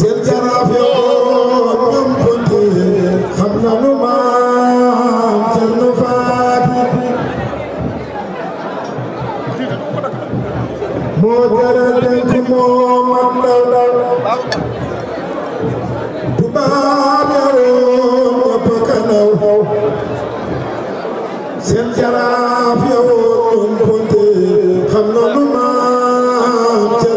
seen jaraaf yoo ñoom konti xam na nu maam Cerno Faati moo jara denc moo mat ndaw ndaw tubaab yaroon ñëpp kanaw seen jaraaf yoo ñoom konti xam na nu